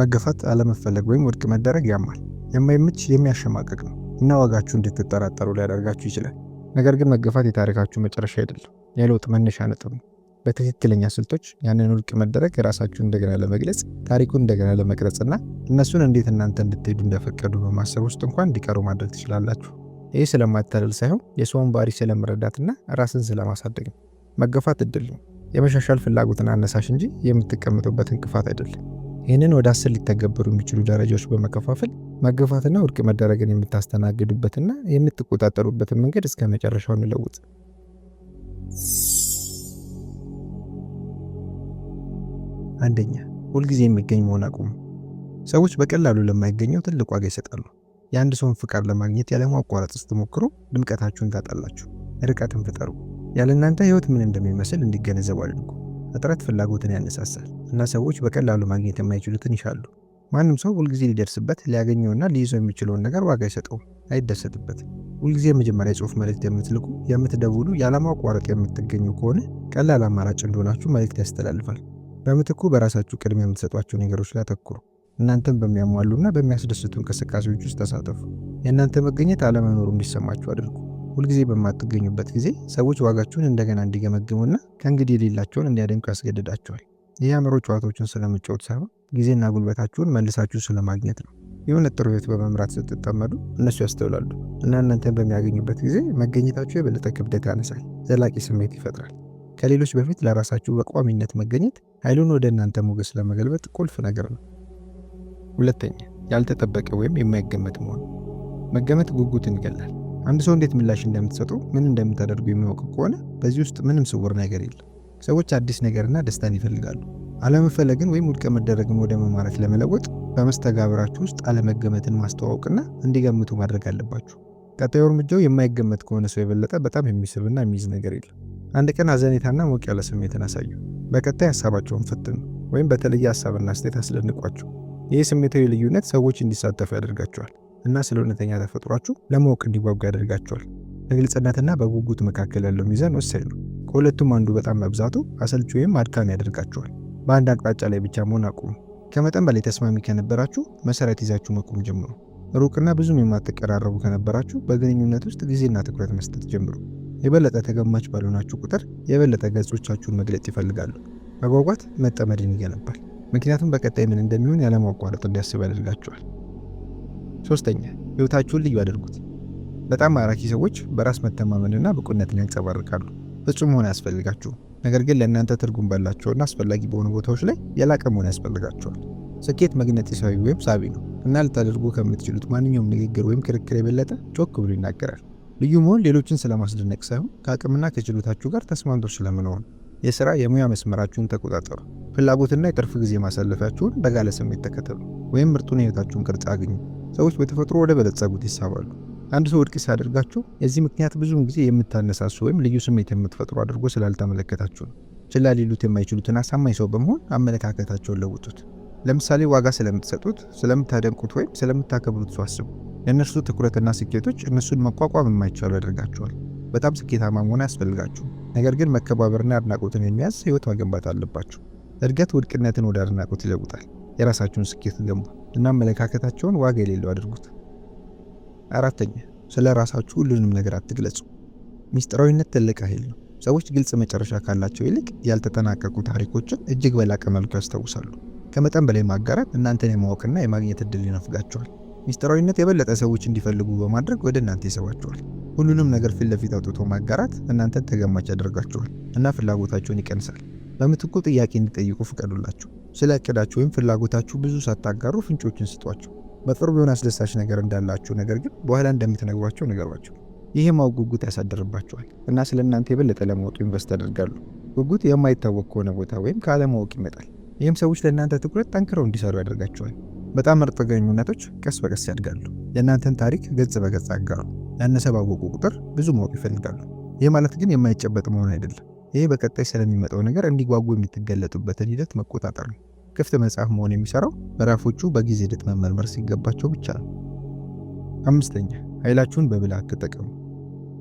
መገፋት፣ አለመፈለግ ወይም ውድቅ መደረግ ያማል፣ የማይመች የሚያሸማቀቅ ነው እና ዋጋችሁ እንድትጠራጠሩ ሊያደርጋችሁ ይችላል። ነገር ግን መገፋት የታሪካችሁ መጨረሻ አይደለም፣ የለውጥ መነሻ ነጥብ ነው። በትክክለኛ ስልቶች ያንን ውድቅ መደረግ ራሳችሁን እንደገና ለመግለጽ ታሪኩን እንደገና ለመቅረጽና እነሱን እንዴት እናንተ እንድትሄዱ እንደፈቀዱ በማሰብ ውስጥ እንኳን እንዲቀሩ ማድረግ ትችላላችሁ። ይህ ስለማታለል ሳይሆን የሰውን ባህሪ ስለመረዳትና ራስን ስለማሳደግ ነው። መገፋት እድል ነው፣ የመሻሻል ፍላጎትና አነሳሽ እንጂ የምትቀምጡበት እንቅፋት አይደለም። ይህንን ወደ አስር ሊተገበሩ የሚችሉ ደረጃዎች በመከፋፈል መገፋትና ውድቅ መደረግን የምታስተናግዱበትና የምትቆጣጠሩበትን መንገድ እስከ መጨረሻው እንለውጥ። አንደኛ፣ ሁልጊዜ የሚገኝ መሆን አቁሙ። ሰዎች በቀላሉ ለማይገኘው ትልቅ ዋጋ ይሰጣሉ። የአንድ ሰውን ፍቃድ ለማግኘት ያለማቋረጥ ስትሞክሩ ድምቀታችሁን ታጣላችሁ። ርቀትን ፍጠሩ። ያለ እናንተ ህይወት ምን እንደሚመስል እንዲገነዘቡ አድርጉ። እጥረት ፍላጎትን ያነሳሳል እና ሰዎች በቀላሉ ማግኘት የማይችሉትን ይሻሉ። ማንም ሰው ሁልጊዜ ሊደርስበት ሊያገኘውና ሊይዘው የሚችለውን ነገር ዋጋ አይሰጠውም፣ አይደሰትበትም። ሁልጊዜ የመጀመሪያ የጽሁፍ መልእክት የምትልኩ፣ የምትደውሉ፣ ያለማቋረጥ የምትገኙ ከሆነ ቀላል አማራጭ እንደሆናችሁ መልእክት ያስተላልፋል። በምትኩ በራሳችሁ ቅድሚያ የምትሰጧቸው ነገሮች ላይ አተኩሩ። እናንተን በሚያሟሉና በሚያስደስቱ እንቅስቃሴዎች ውስጥ ተሳተፉ። የእናንተ መገኘት አለመኖሩ እንዲሰማችሁ አድርጉ። ሁልጊዜ በማትገኙበት ጊዜ ሰዎች ዋጋችሁን እንደገና እንዲገመግሙና ከእንግዲህ የሌላቸውን እንዲያደንቁ ያስገድዳቸዋል። ይህ የአእምሮ ጨዋታዎችን ስለመጫወት ሳይሆን ጊዜና ጉልበታችሁን መልሳችሁ ስለማግኘት ነው። የሆነ ጥሩ ሕይወት በመምራት ስትጠመዱ እነሱ ያስተውላሉ እና እናንተን በሚያገኙበት ጊዜ መገኘታችሁ የበለጠ ክብደት ያነሳል፣ ዘላቂ ስሜት ይፈጥራል። ከሌሎች በፊት ለራሳችሁ በቋሚነት መገኘት ኃይሉን ወደ እናንተ ሞገስ ለመገልበጥ ቁልፍ ነገር ነው። ሁለተኛ፣ ያልተጠበቀ ወይም የማይገመት መሆን። መገመት ጉጉትን ይገላል። አንድ ሰው እንዴት ምላሽ እንደምትሰጡ ምን እንደምታደርጉ የሚያውቅ ከሆነ በዚህ ውስጥ ምንም ስውር ነገር የለም። ሰዎች አዲስ ነገርና ደስታን ይፈልጋሉ። አለመፈለግን ወይም ውድቅ መደረግን ወደ መማረት ለመለወጥ በመስተጋብራችሁ ውስጥ አለመገመትን ማስተዋወቅና እንዲገምቱ ማድረግ አለባችሁ። ቀጣዩ እርምጃው የማይገመት ከሆነ ሰው የበለጠ በጣም የሚስብና የሚይዝ ነገር የለም። አንድ ቀን አዘኔታና ሞቅ ያለ ስሜትን አሳዩ። በቀጣይ ሀሳባቸውን ፈትኑ፣ ወይም በተለየ ሀሳብና አስተያየት አስደንቋቸው። ይህ ስሜታዊ ልዩነት ሰዎች እንዲሳተፉ ያደርጋቸዋል። እና ስለ እውነተኛ ተፈጥሯችሁ ለማወቅ እንዲጓጉ ያደርጋቸዋል። በግልጽነትና በጉጉት መካከል ያለው ሚዛን ወሳኝ ነው። ከሁለቱም አንዱ በጣም መብዛቱ አሰልቺ ወይም አድካሚ ያደርጋቸዋል። በአንድ አቅጣጫ ላይ ብቻ መሆን አቁሙ። ከመጠን በላይ ተስማሚ ከነበራችሁ መሰረት ይዛችሁ መቆም ጀምሩ። ሩቅና ብዙም የማትቀራረቡ ከነበራችሁ በግንኙነት ውስጥ ጊዜና ትኩረት መስጠት ጀምሩ። የበለጠ ተገማች ባልሆናችሁ ቁጥር የበለጠ ገጾቻችሁን መግለጽ ይፈልጋሉ። መጓጓት መጠመድን ይገነባል፣ ምክንያቱም በቀጣይ ምን እንደሚሆን ያለማቋረጥ እንዲያስብ ያደርጋቸዋል። ሶስተኛ ህይወታችሁን ልዩ አድርጉት። በጣም ማራኪ ሰዎች በራስ መተማመንና ብቁነትን ያንጸባርቃሉ። ፍጹም መሆን አያስፈልጋችሁም፣ ነገር ግን ለእናንተ ትርጉም ባላቸውና አስፈላጊ በሆኑ ቦታዎች ላይ የላቀ መሆን ያስፈልጋቸዋል። ስኬት መግነጢሳዊ ወይም ሳቢ ነው እና ልታደርጉ ከምትችሉት ማንኛውም ንግግር ወይም ክርክር የበለጠ ጮክ ብሎ ይናገራል። ልዩ መሆን ሌሎችን ስለማስደነቅ ሳይሆን ከአቅምና ከችሎታችሁ ጋር ተስማምቶ ስለመኖር የስራ የሥራ የሙያ መስመራችሁን ተቆጣጠሩ። ፍላጎትና የትርፍ ጊዜ ማሳለፊያችሁን በጋለ ስሜት ተከተሉ፣ ወይም ምርጡን የህይወታችሁን ቅርጽ አግኙ። ሰዎች በተፈጥሮ ወደ በለጸጉት ይሳባሉ። አንድ ሰው ወድቅ ሲያደርጋችሁ የዚህ ምክንያት ብዙውን ጊዜ የምታነሳሱ ወይም ልዩ ስሜት የምትፈጥሩ አድርጎ ስላልተመለከታችሁ ነው። ችላ ሊሉት የማይችሉትን አሳማኝ ሰው በመሆን አመለካከታቸውን ለውጡት። ለምሳሌ ዋጋ ስለምትሰጡት፣ ስለምታደንቁት ወይም ስለምታከብሩት ሰው አስቡ። የእነርሱ ትኩረትና ስኬቶች እነሱን መቋቋም የማይቻሉ ያደርጋቸዋል። በጣም ስኬታማ መሆን ያስፈልጋችሁ፣ ነገር ግን መከባበርና አድናቆትን የሚያዝ ህይወት መገንባት አለባችሁ። እድገት ውድቅነትን ወደ አድናቆት ይለውጣል። የራሳችሁን ስኬት ገንቡ። እና አመለካከታቸውን ዋጋ የሌለው አድርጉት። አራተኛ ስለ ራሳችሁ ሁሉንም ነገር አትግለጹ። ሚስጥራዊነት ትልቅ ኃይል ነው። ሰዎች ግልጽ መጨረሻ ካላቸው ይልቅ ያልተጠናቀቁ ታሪኮችን እጅግ በላቀ መልኩ ያስታውሳሉ። ከመጠን በላይ ማጋራት እናንተን የማወቅና የማግኘት እድል ይነፍጋቸዋል። ሚስጥራዊነት የበለጠ ሰዎች እንዲፈልጉ በማድረግ ወደ እናንተ ይሰባቸዋል። ሁሉንም ነገር ፊት ለፊት አውጥቶ ማጋራት እናንተን ተገማች ያደርጋቸዋል እና ፍላጎታቸውን ይቀንሳል። በምትኩ ጥያቄ እንዲጠይቁ ፍቀዱላቸው። ስለ እቅዳችሁ ወይም ፍላጎታችሁ ብዙ ሳታጋሩ ፍንጮችን ስጧቸው። በቅርቡ የሆነ አስደሳች ነገር እንዳላችሁ ነገር ግን በኋላ እንደምትነግሯቸው ንገሯቸው። ይህ የማወቅ ጉጉት ያሳደርባቸዋል እና ስለ እናንተ የበለጠ ለማወቅ ኢንቨስት ያደርጋሉ። ጉጉት የማይታወቅ ከሆነ ቦታ ወይም ከአለማወቅ ይመጣል። ይህም ሰዎች ለእናንተ ትኩረት ጠንክረው እንዲሰሩ ያደርጋቸዋል። በጣም ምርጥ ግንኙነቶች ቀስ በቀስ ያድጋሉ። የእናንተን ታሪክ ገጽ በገጽ አጋሩ። ያነሰ ባወቁ ቁጥር ብዙ ማወቅ ይፈልጋሉ። ይህ ማለት ግን የማይጨበጥ መሆን አይደለም። ይህ በቀጣይ ስለሚመጣው ነገር እንዲጓጉ የምትገለጡበትን ሂደት መቆጣጠር ነው። ክፍት መጽሐፍ መሆን የሚሰራው ምዕራፎቹ በጊዜ ሂደት መመርመር ሲገባቸው ብቻ ነው። አምስተኛ ኃይላችሁን በብልሃት ተጠቀሙ።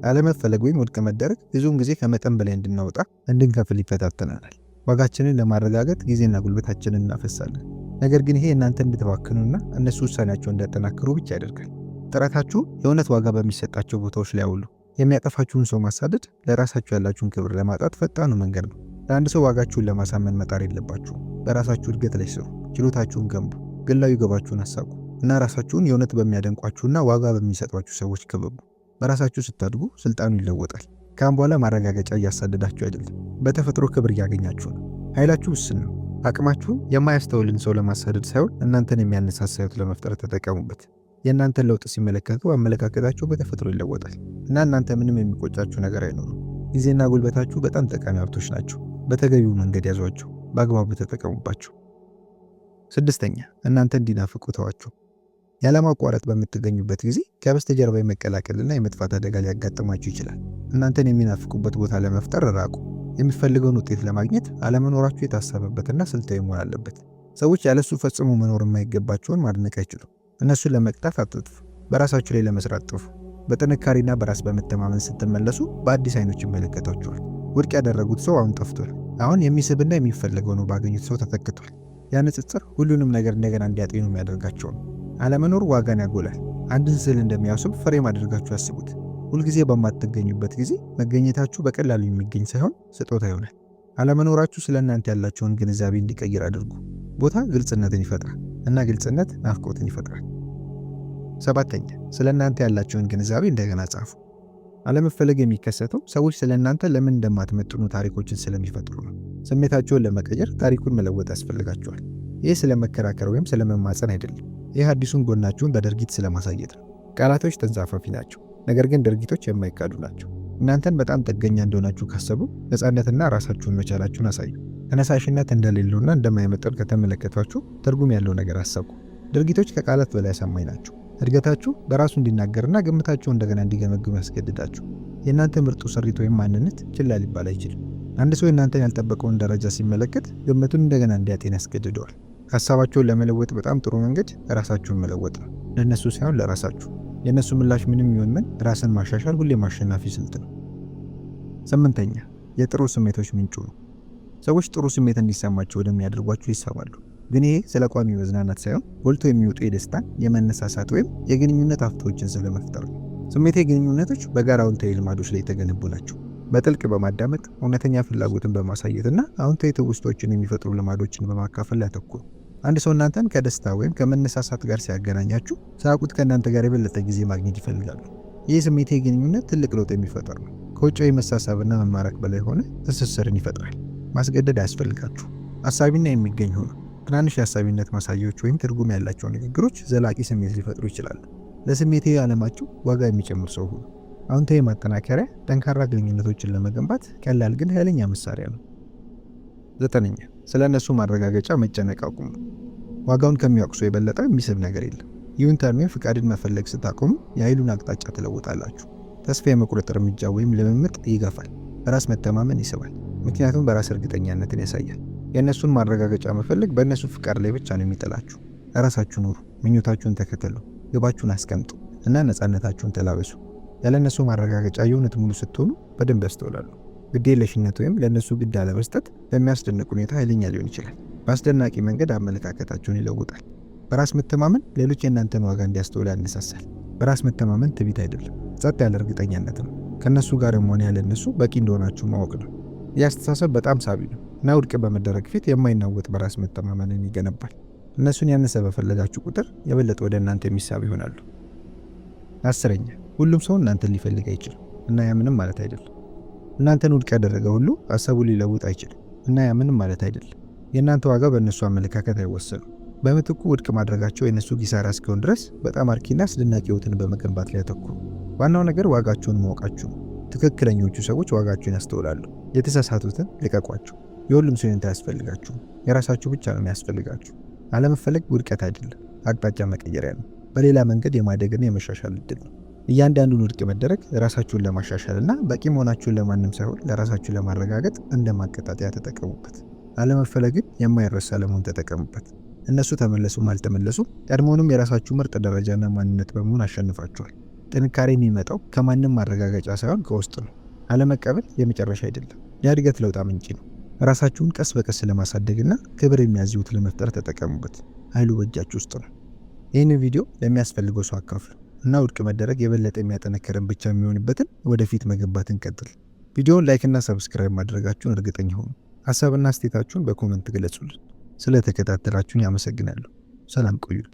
አለመፈለግ ወይም ውድቅ መደረግ ብዙውን ጊዜ ከመጠን በላይ እንድናወጣ፣ እንድንከፍል ይፈታተናል። ዋጋችንን ለማረጋገጥ ጊዜና ጉልበታችንን እናፈሳለን። ነገር ግን ይሄ እናንተ እንድትባክኑና እነሱ ውሳኔያቸውን እንዳጠናክሩ ብቻ ያደርጋል። ጥረታችሁ የእውነት ዋጋ በሚሰጣቸው ቦታዎች ላይ አውሉ። የሚያጠፋችሁን ሰው ማሳደድ ለራሳችሁ ያላችሁን ክብር ለማጣት ፈጣኑ መንገድ ነው። ለአንድ ሰው ዋጋችሁን ለማሳመን መጣር የለባችሁ። በራሳችሁ እድገት ላይ ስሩ። ችሎታችሁን ገንቡ። ግላዊ ገባችሁን አሳቁ እና ራሳችሁን የእውነት በሚያደንቋችሁና ዋጋ በሚሰጧችሁ ሰዎች ክበቡ። በራሳችሁ ስታድጉ ስልጣኑ ይለወጣል። ካም በኋላ ማረጋገጫ እያሳደዳችሁ አይደለም፣ በተፈጥሮ ክብር እያገኛችሁ ነው። ኃይላችሁ ውስን ነው። አቅማችሁን የማያስተውልን ሰው ለማሳደድ ሳይሆን እናንተን የሚያነሳሳዩት ለመፍጠር ተጠቀሙበት። የእናንተን ለውጥ ሲመለከቱ አመለካከታቸው በተፈጥሮ ይለወጣል እና እናንተ ምንም የሚቆጫችሁ ነገር አይኖሩም። ጊዜና ጉልበታችሁ በጣም ጠቃሚ ሀብቶች ናቸው። በተገቢው መንገድ ያዟቸው፣ በአግባቡ ተጠቀሙባቸው። ስድስተኛ እናንተ እንዲናፍቁ ተዋቸው። ያለማቋረጥ በምትገኙበት ጊዜ ከበስተጀርባ የመቀላቀልና የመጥፋት አደጋ ሊያጋጥማችሁ ይችላል። እናንተን የሚናፍቁበት ቦታ ለመፍጠር ራቁ። የሚፈልገውን ውጤት ለማግኘት አለመኖራችሁ የታሰበበትና ስልታዊ መሆን አለበት። ሰዎች ያለሱ ፈጽሞ መኖር የማይገባቸውን ማድነቅ አይችሉም። እነሱን ለመቅጣት አትጥፉ፣ በራሳችሁ ላይ ለመስራት ጥፉ። በጥንካሬና በራስ በመተማመን ስትመለሱ በአዲስ አይኖች ይመለከታችኋል። ውድቅ ያደረጉት ሰው አሁን ጠፍቷል። አሁን የሚስብና የሚፈለገው ነው ባገኙት ሰው ተተክቷል። ያ ንጽጽር ሁሉንም ነገር እንደገና እንዲያጤኑ የሚያደርጋቸው ነው። አለመኖር ዋጋን ያጎላል። አንድን ስዕል እንደሚያስብ ፍሬም አድርጋችሁ ያስቡት። ሁልጊዜ በማትገኙበት ጊዜ መገኘታችሁ በቀላሉ የሚገኝ ሳይሆን ስጦታ ይሆናል። አለመኖራችሁ ስለ እናንተ ያላቸውን ግንዛቤ እንዲቀይር አድርጉ። ቦታ ግልጽነትን ይፈጥራል እና ግልጽነት ናፍቆትን ይፈጥራል። ሰባተኛ ስለ እናንተ ያላቸውን ግንዛቤ እንደገና ጻፉ። አለመፈለግ የሚከሰተው ሰዎች ስለ እናንተ ለምን እንደማትመጥኑ ታሪኮችን ስለሚፈጥሩ ነው። ስሜታቸውን ለመቀየር ታሪኩን መለወጥ ያስፈልጋቸዋል። ይህ ስለ መከራከር ወይም ስለ መማፀን አይደለም። ይህ አዲሱን ጎናችሁን በድርጊት ስለማሳየት ነው። ቃላቶች ተንሳፋፊ ናቸው፣ ነገር ግን ድርጊቶች የማይካዱ ናቸው። እናንተን በጣም ጥገኛ እንደሆናችሁ ካሰቡ ነፃነትና ራሳችሁን መቻላችሁን አሳዩ። ተነሳሽነት እንደሌለውና እንደማይመጠን ከተመለከቷችሁ ትርጉም ያለው ነገር አሰቡ። ድርጊቶች ከቃላት በላይ አሳማኝ ናቸው። እድገታችሁ በራሱ እንዲናገርና ግምታችሁ እንደገና እንዲገመግም ያስገድዳችሁ። የእናንተ ምርጡ ስሪት ወይም ማንነት ችላ ሊባል አይችልም። አንድ ሰው የእናንተን ያልጠበቀውን ደረጃ ሲመለከት ግምቱን እንደገና እንዲያጤን ያስገድደዋል። ሀሳባቸውን ለመለወጥ በጣም ጥሩ መንገድ ራሳችሁን መለወጥ ነው፣ ለእነሱ ሳይሆን ለራሳችሁ። የእነሱ ምላሽ ምንም ይሁን ምን ራስን ማሻሻል ሁሌም አሸናፊ ስልት ነው። ስምንተኛ የጥሩ ስሜቶች ምንጩ ነው። ሰዎች ጥሩ ስሜት እንዲሰማቸው ወደሚያደርጓቸው ይሳባሉ። ግን ይሄ ስለ ቋሚ መዝናናት ሳይሆን ጎልቶ የሚወጡ የደስታን፣ የመነሳሳት ወይም የግንኙነት ሀብቶችን ስለመፍጠር ነው። ስሜታዊ ግንኙነቶች በጋራ አዎንታዊ ልማዶች ላይ የተገነቡ ናቸው። በጥልቅ በማዳመጥ እውነተኛ ፍላጎትን በማሳየትና አውንታዊ ትውስቶችን የሚፈጥሩ ልማዶችን በማካፈል ያተኩሩ። አንድ ሰው እናንተን ከደስታ ወይም ከመነሳሳት ጋር ሲያገናኛችሁ ሳያውቁት ከእናንተ ጋር የበለጠ ጊዜ ማግኘት ይፈልጋሉ። ይህ ስሜት የግንኙነት ትልቅ ለውጥ የሚፈጠር ነው። ከውጫዊ መሳሳብና መማረክ በላይ ሆነ ትስስርን ይፈጥራል። ማስገደድ አያስፈልጋችሁ። አሳቢና የሚገኝ ሆነ ትናንሽ የአሳቢነት ማሳያዎች ወይም ትርጉም ያላቸው ንግግሮች ዘላቂ ስሜት ሊፈጥሩ ይችላሉ። ለስሜቴ ዓለማችሁ ዋጋ የሚጨምር ሰው ሁኑ። አዎንታዊ ማጠናከሪያ ጠንካራ ግንኙነቶችን ለመገንባት ቀላል ግን ኃይለኛ መሳሪያ ነው። ዘጠነኛ ስለ እነሱ ማረጋገጫ መጨነቅ አቁሙ። ዋጋውን ከሚያቅሱ የበለጠ የሚስብ ነገር የለም። ይሁን ወይም ፍቃድን መፈለግ ስታቆሙ የኃይሉን አቅጣጫ ትለውጣላችሁ። ተስፋ የመቁረጥ እርምጃ ወይም ልምምጥ ይገፋል፣ በራስ መተማመን ይስባል፣ ምክንያቱም በራስ እርግጠኛነትን ያሳያል። የእነሱን ማረጋገጫ መፈለግ በእነሱ ፍቃድ ላይ ብቻ ነው የሚጥላችሁ። ራሳችሁ ኑሩ፣ ምኞታችሁን ተከተሉ፣ ግባችሁን አስቀምጡ እና ነፃነታችሁን ተላበሱ። ያለ እነሱ ማረጋገጫ የእውነት ሙሉ ስትሆኑ በደንብ ያስተውላሉ። ግዴለሽነት ወይም ለእነሱ ግድ አለመስጠት በሚያስደንቅ ሁኔታ ኃይለኛ ሊሆን ይችላል። በአስደናቂ መንገድ አመለካከታቸውን ይለውጣል። በራስ መተማመን ሌሎች የእናንተን ዋጋ እንዲያስተውል ያነሳሳል። በራስ መተማመን ትቢት አይደለም፣ ጸጥ ያለ እርግጠኛነት ነው። ከእነሱ ጋር መሆን ያለ እነሱ በቂ እንደሆናችሁ ማወቅ ነው። ይህ አስተሳሰብ በጣም ሳቢ ነው እና ውድቅ በመደረግ ፊት የማይናወጥ በራስ መተማመንን ይገነባል። እነሱን ያነሰ በፈለጋችሁ ቁጥር የበለጠ ወደ እናንተ የሚሳብ ይሆናሉ። አስረኛ ሁሉም ሰው እናንተን ሊፈልግ አይችልም እና ያ ምንም ማለት አይደለም። እናንተን ውድቅ ያደረገ ሁሉ ሀሳቡ ሊለውጥ አይችልም እና ያ ምንም ማለት አይደለም። የእናንተ ዋጋ በእነሱ አመለካከት አይወሰኑ። በምትኩ ውድቅ ማድረጋቸው የእነሱ ኪሳራ እስኪሆን ድረስ በጣም አርኪና አስደናቂ ህይወትን በመገንባት ላይ ያተኩሩ። ዋናው ነገር ዋጋቸውን ማወቃችሁ ነው። ትክክለኞቹ ሰዎች ዋጋችሁን ያስተውላሉ። የተሳሳቱትን ልቀቋቸው። የሁሉም ሰው ይሁንታ አያስፈልጋችሁም። የራሳችሁ ብቻ ነው የሚያስፈልጋችሁ። አለመፈለግ ውድቀት አይደለም፣ አቅጣጫ መቀየሪያ ነው። በሌላ መንገድ የማደግና የመሻሻል እድል ነው። እያንዳንዱን ውድቅ መደረግ ራሳችሁን ለማሻሻል እና በቂ መሆናችሁን ለማንም ሳይሆን ለራሳችሁን ለማረጋገጥ እንደ ማቀጣጠያ ተጠቀሙበት። አለመፈለግን የማይረሳ ለመሆን ተጠቀሙበት። እነሱ ተመለሱም አልተመለሱም ቀድሞውንም የራሳችሁ ምርጥ ደረጃና ማንነት በመሆን አሸንፋችኋል። ጥንካሬ የሚመጣው ከማንም ማረጋገጫ ሳይሆን ከውስጥ ነው። አለመቀበል የመጨረሻ አይደለም፣ የእድገት ለውጥ ምንጭ ነው። ራሳችሁን ቀስ በቀስ ለማሳደግና ክብር የሚያዝዩት ለመፍጠር ተጠቀሙበት። ኃይሉ በእጃችሁ ውስጥ ነው። ይህን ቪዲዮ ለሚያስፈልገው ሰው አካፍሉ። እና ውድቅ መደረግ የበለጠ የሚያጠነከረን ብቻ የሚሆንበትን ወደፊት መገንባት እንቀጥል። ቪዲዮውን ላይክና ሰብስክራይብ ማድረጋችሁን እርግጠኛ ሆኑ። ሀሳብና አስተያየታችሁን በኮመንት ግለጹልን። ስለተከታተላችሁን ያመሰግናለሁ። ሰላም ቆዩል